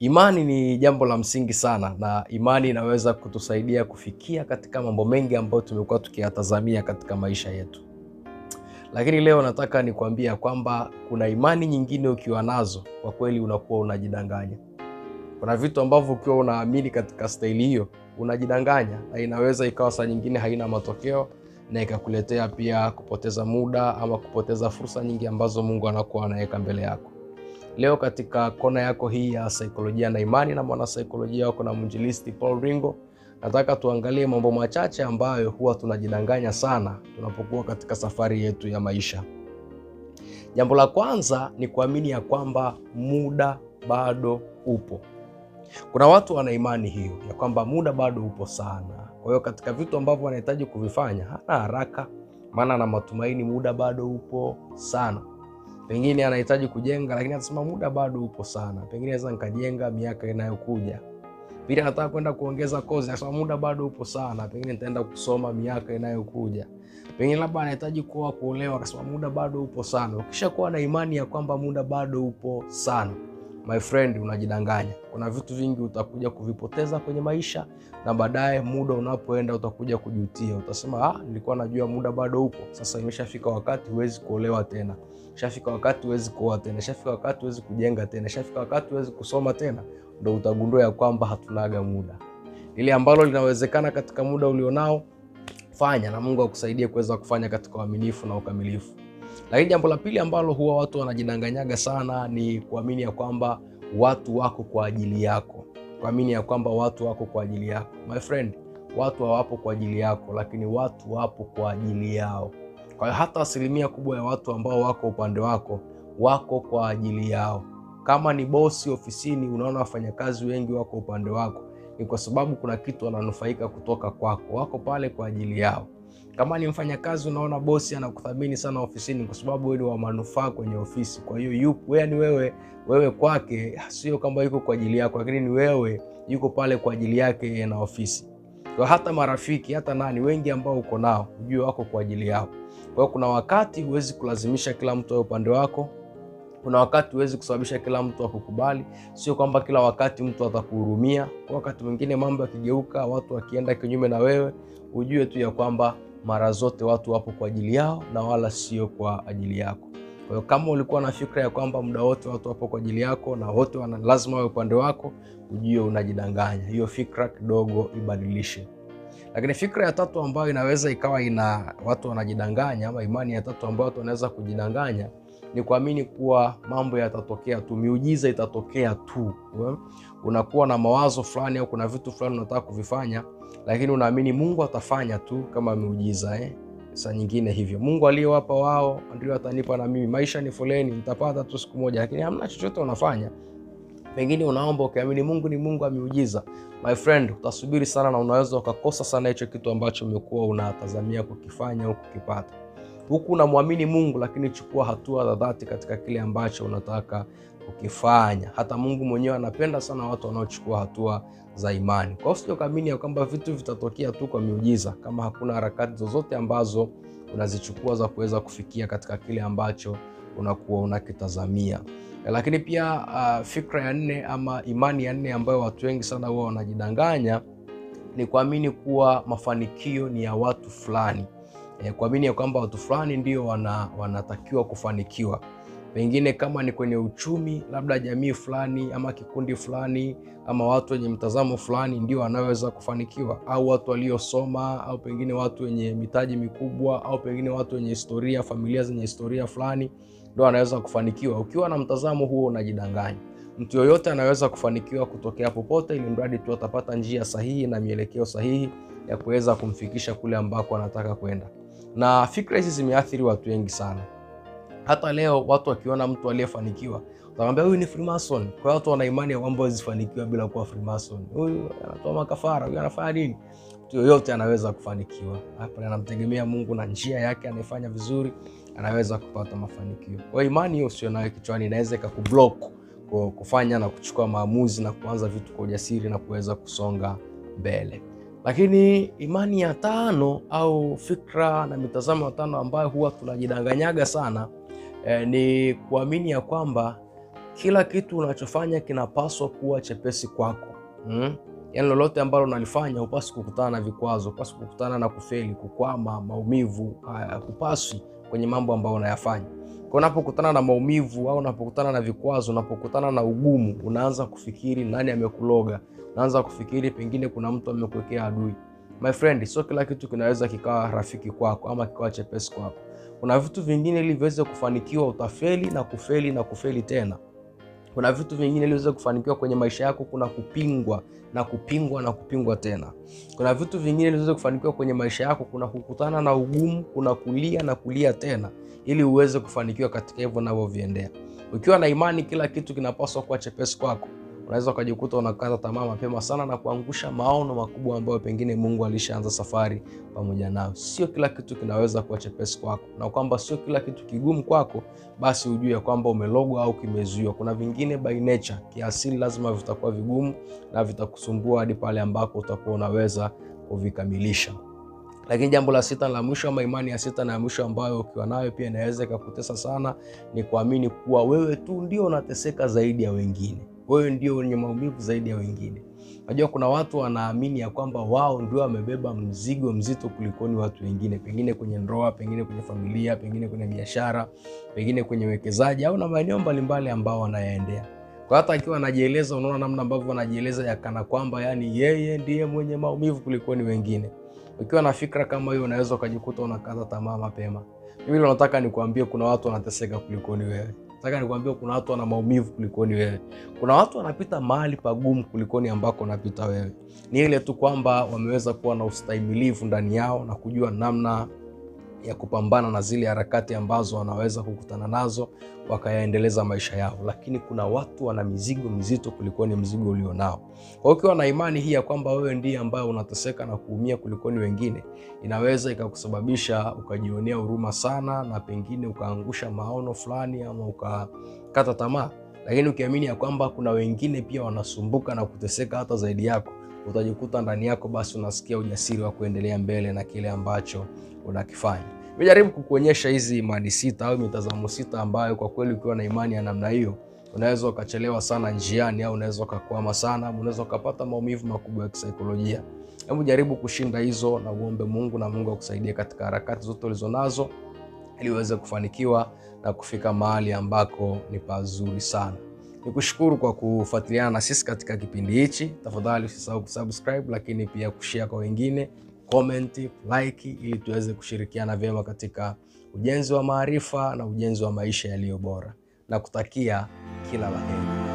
Imani ni jambo la msingi sana, na imani inaweza kutusaidia kufikia katika mambo mengi ambayo tumekuwa tukiyatazamia katika maisha yetu, lakini leo nataka nikuambia kwamba kuna imani nyingine ukiwa nazo, kwa kweli unakuwa unajidanganya. Kuna vitu ambavyo ukiwa unaamini katika staili hiyo unajidanganya, na inaweza ikawa saa nyingine haina matokeo na ikakuletea pia kupoteza muda ama kupoteza fursa nyingi ambazo Mungu anakuwa anaweka mbele yako. Leo katika kona yako hii ya saikolojia na imani na mwanasaikolojia wako na mwinjilisti Paul Ringo, nataka tuangalie mambo machache ambayo huwa tunajidanganya sana tunapokuwa katika safari yetu ya maisha. Jambo la kwanza ni kuamini ya kwamba muda bado upo. Kuna watu wana imani hiyo ya kwamba muda bado upo sana, kwa hiyo katika vitu ambavyo wanahitaji kuvifanya hana haraka, maana na matumaini muda bado upo sana pengine anahitaji kujenga, lakini atasema muda bado upo sana, pengine naweza nikajenga miaka inayokuja. Pili, anataka kwenda kuongeza kozi, anasema muda bado upo sana, pengine nitaenda kusoma miaka inayokuja. Pengine labda anahitaji kuoa, kuolewa, akasema muda bado upo sana. Ukishakuwa na imani ya kwamba muda bado upo sana my friend, unajidanganya. Kuna vitu vingi utakuja kuvipoteza kwenye maisha, na baadaye muda unapoenda utakuja kujutia, utasema ah, nilikuwa najua muda bado upo. Sasa imeshafika wakati huwezi kuolewa tena, shafika wakati huwezi kuoa tena, shafika wakati huwezi kujenga tena, shafika wakati huwezi kusoma tena. Ndo utagundua ya kwamba hatunaga muda. Lile ambalo linawezekana katika muda ulionao fanya, na Mungu akusaidie kuweza kufanya katika uaminifu na ukamilifu. Lakini jambo la pili ambalo huwa watu wanajidanganyaga sana ni kuamini ya kwamba watu wako kwa ajili yako, kuamini ya kwamba watu wako kwa ajili yako. My friend, watu hawapo kwa ajili yako, lakini watu wapo kwa ajili yao. Kwa hiyo hata asilimia kubwa ya watu ambao wako upande wako wako kwa ajili yao. Kama ni bosi ofisini, unaona wafanyakazi wengi wako upande wako, ni kwa sababu kuna kitu wananufaika kutoka kwako, wako pale kwa ajili yao. Kama ni mfanyakazi, unaona bosi anakuthamini sana ofisini, kwa sababu wewe ni wa manufaa kwenye ofisi. Kwa hiyo yupo ni wewe wewe kwake sio kwamba yuko kwa ajili yako, lakini ni wewe, yuko pale kwa ajili yake na ofisi. Kwa hata marafiki, hata nani, wengi ambao uko nao, ujue wako kwa ajili yao. Kwa hiyo kuna wakati huwezi kulazimisha kila mtu awe upande wako. Kuna wakati huwezi kusababisha kila mtu akukubali, sio kwamba kila wakati mtu atakuhurumia. Kwa wakati mwingine mambo yakigeuka, watu wakienda kinyume na wewe, ujue tu ya kwamba mara zote watu wapo kwa ajili yao na wala sio kwa ajili yako. Kwa hiyo kama ulikuwa na fikra ya kwamba muda wote watu wapo kwa ajili yako na wote wana lazima wawe upande wako, ujue unajidanganya. Hiyo fikra kidogo ibadilishe. Lakini fikra ya tatu ambayo inaweza ikawa ina watu wanajidanganya, ama imani ya tatu ambayo watu wanaweza kujidanganya ni kuamini kuwa mambo yatatokea tu, miujiza itatokea tu. Unakuwa na mawazo fulani au kuna vitu fulani unataka kuvifanya, lakini unaamini Mungu atafanya tu kama miujiza eh? Saa nyingine hivyo, Mungu aliyowapa wao ndio atanipa na mimi. Maisha ni foleni, nitapata tu siku moja, lakini hamna chochote unafanya. Pengine unaomba ukiamini Mungu ni Mungu ameujiza. my friend, utasubiri sana na unaweza ukakosa sana hicho kitu ambacho umekuwa unatazamia kukifanya au kukipata huku unamwamini Mungu, lakini chukua hatua za dhati katika kile ambacho unataka ukifanya. Hata Mungu mwenyewe anapenda sana watu wanaochukua hatua za imani. Kwa hiyo usije ukaamini ya kwamba vitu vitatokea tu kwa miujiza, kama hakuna harakati zozote ambazo unazichukua za kuweza kufikia katika kile ambacho unakuwa unakitazamia. Lakini pia uh, fikra ya nne ama imani ya nne ambayo watu wengi sana huwa wanajidanganya ni kuamini kuwa mafanikio ni ya watu fulani e, kuamini ya kwamba watu fulani ndio wana, wanatakiwa kufanikiwa pengine kama ni kwenye uchumi, labda jamii fulani ama kikundi fulani ama watu wenye mtazamo fulani ndio wanaweza kufanikiwa, au watu waliosoma, au pengine watu wenye mitaji mikubwa, au pengine watu wenye historia, familia zenye historia fulani ndio wanaweza kufanikiwa. Ukiwa na mtazamo huo, unajidanganya. Mtu yoyote anaweza kufanikiwa kutokea popote, ili mradi tu atapata njia sahihi na mielekeo sahihi ya kuweza kumfikisha kule ambako anataka kwenda na fikra hizi zimeathiri watu wengi sana. Hata leo watu wakiona mtu aliyefanikiwa watamwambia huyu ni Freemason. Kwa watu wana imani ya kwamba hawezi kufanikiwa bila kuwa Freemason. Huyu anatoa makafara, huyu anafanya nini? Mtu yoyote anaweza kufanikiwa. Hapa anamtegemea Mungu na njia yake anayefanya vizuri anaweza kupata mafanikio. Kwa imani hiyo usio nayo kichwani inaweza ikakublock kufanya na kuchukua maamuzi na kuanza vitu kwa ujasiri na kuweza kusonga mbele. Lakini imani ya tano au fikra na mitazamo ya tano ambayo huwa tunajidanganyaga sana eh, ni kuamini ya kwamba kila kitu unachofanya kinapaswa kuwa chepesi kwako hmm? Yaani lolote ambalo unalifanya hupasi kukutana na vikwazo, hupasi kukutana na kufeli, kukwama, maumivu, hupaswi kwenye mambo ambayo unayafanya. Kwa unapokutana na maumivu au unapokutana na vikwazo, unapokutana na ugumu, unaanza kufikiri nani amekuloga, naanza kufikiri pengine kuna mtu amekuwekea adui. My friend, sio kila kitu kinaweza kikawa rafiki kwako ama kikawa chepesi kwako. Kuna vitu vingine ili viweze kufanikiwa utafeli na kufeli na kufeli tena. Kuna vitu vingine ili uweze kufanikiwa kwenye maisha yako, kuna kupingwa na kupingwa na kupingwa tena. Kuna vitu vingine ili uweze kufanikiwa kwenye maisha yako, kuna kukutana na ugumu, kuna kulia na kulia tena, ili uweze kufanikiwa katika hivyo unavyoviendea. Ukiwa na imani, kila kitu kinapaswa kuwa chepesi kwako unaweza ukajikuta unakata tamaa mapema sana na kuangusha maono makubwa ambayo pengine Mungu alishaanza safari pamoja nayo. Sio kila kitu kinaweza kuwa chepesi kwako, na kwamba sio kila kitu kigumu kwako, basi ujue kwamba umelogwa au kimezuiwa. Kuna vingine by nature, kiasili, lazima vitakuwa vigumu na vitakusumbua hadi pale ambako utakuwa unaweza kuvikamilisha. Lakini jambo la sita la mwisho, ama imani ya sita na ya mwisho ambayo ukiwa nayo pia inaweza ikakutesa sana, ni kuamini kuwa wewe tu ndio unateseka zaidi ya wengine wewe ndio wenye maumivu zaidi ya wengine. Unajua, kuna watu wanaamini ya kwamba wao ndio wamebeba mzigo mzito kulikoni watu wengine, pengine kwenye ndoa, pengine kwenye familia, pengine kwenye biashara, pengine kwenye uwekezaji au na maeneo mbalimbali ambao wanayaendea. Kwa hata akiwa anajieleza, unaona namna ambavyo anajieleza yakana kwamba yani yeye ndiye mwenye maumivu kulikoni wengine. Ukiwa na fikra kama hiyo, unaweza ukajikuta unakata tamaa mapema. Mimi nataka nikuambie, kuna watu wanateseka kulikoni wewe. Nataka nikwambie kuna watu wana maumivu kulikoni wewe. Kuna watu wanapita mahali pagumu kulikoni ambako unapita wewe. Ni ile tu kwamba wameweza kuwa na ustahimilivu ndani yao na kujua namna ya kupambana na zile harakati ambazo wanaweza kukutana nazo wakayaendeleza maisha yao, lakini kuna watu wana mizigo mizito ni mzigo ulionao. Kwa hiyo ukiwa na imani hii ya kwamba wewe ndiye ambaye unateseka na kuumia kulikoni wengine, inaweza ikakusababisha ukajionea huruma sana, na pengine ukaangusha maono fulani ama ukakata tamaa, lakini ukiamini ya kwamba kuna wengine pia wanasumbuka na kuteseka hata zaidi yako utajikuta ndani yako basi unasikia ujasiri wa kuendelea mbele na kile ambacho unakifanya. Nimejaribu kukuonyesha hizi imani sita au mitazamo sita ambayo kwa kweli ukiwa na imani ya namna hiyo unaweza ukachelewa sana njiani au unaweza ukakwama sana, unaweza ukapata maumivu makubwa ya kisaikolojia. Hebu jaribu kushinda hizo na uombe Mungu na Mungu akusaidie katika harakati zote ulizonazo ili uweze kufanikiwa na kufika mahali ambako ni pazuri sana. Ni kushukuru kwa kufuatiliana na sisi katika kipindi hichi. Tafadhali usisahau kusubscribe, lakini pia kushare kwa wengine, comment, like, ili tuweze kushirikiana vyema katika ujenzi wa maarifa na ujenzi wa maisha yaliyo bora, na kutakia kila la heri.